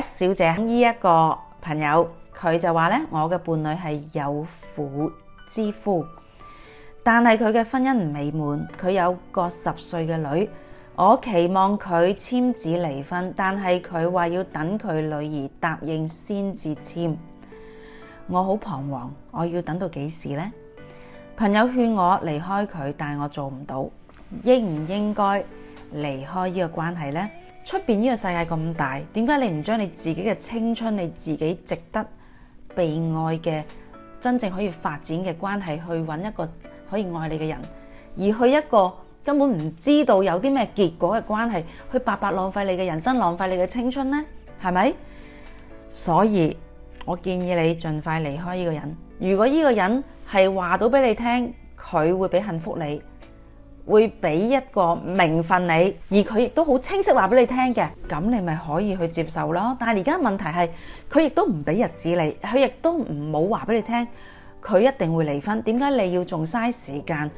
S 小姐，呢、這、一個朋友佢就話咧，我嘅伴侶係有婦之夫，但係佢嘅婚姻唔美滿，佢有個十歲嘅女。我期望佢簽字離婚，但係佢話要等佢女兒答應先至簽。我好彷徨，我要等到幾時呢？朋友勸我離開佢，但我做唔到，應唔應該離開呢個關係呢？」出邊呢個世界咁大，點解你唔將你自己嘅青春、你自己值得被愛嘅、真正可以發展嘅關係去揾一個可以愛你嘅人，而去一個根本唔知道有啲咩結果嘅關係，去白白浪費你嘅人生、浪費你嘅青春呢？係咪？所以我建議你盡快離開呢個人。如果呢個人係話到俾你聽，佢會俾幸福你。會俾一個名分你，而佢亦都好清晰，話俾你聽嘅，咁你咪可以去接受囉。但係而家問題係，佢亦都唔俾日子你，佢亦都唔冇話俾你聽，佢一定會離婚。點解你要仲嘥時間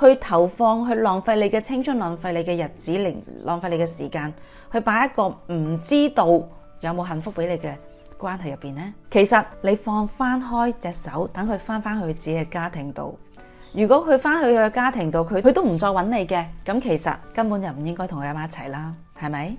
去投放去浪費你嘅青春，浪費你嘅日子，零浪費你嘅時間，去擺一個唔知道有冇幸福俾你嘅關係入邊呢？其實你放翻開隻手，等佢翻翻去自己嘅家庭度。如果佢返去佢嘅家庭度，佢都唔再揾你嘅，咁其實根本就唔應該同佢阿媽一齊啦，係咪？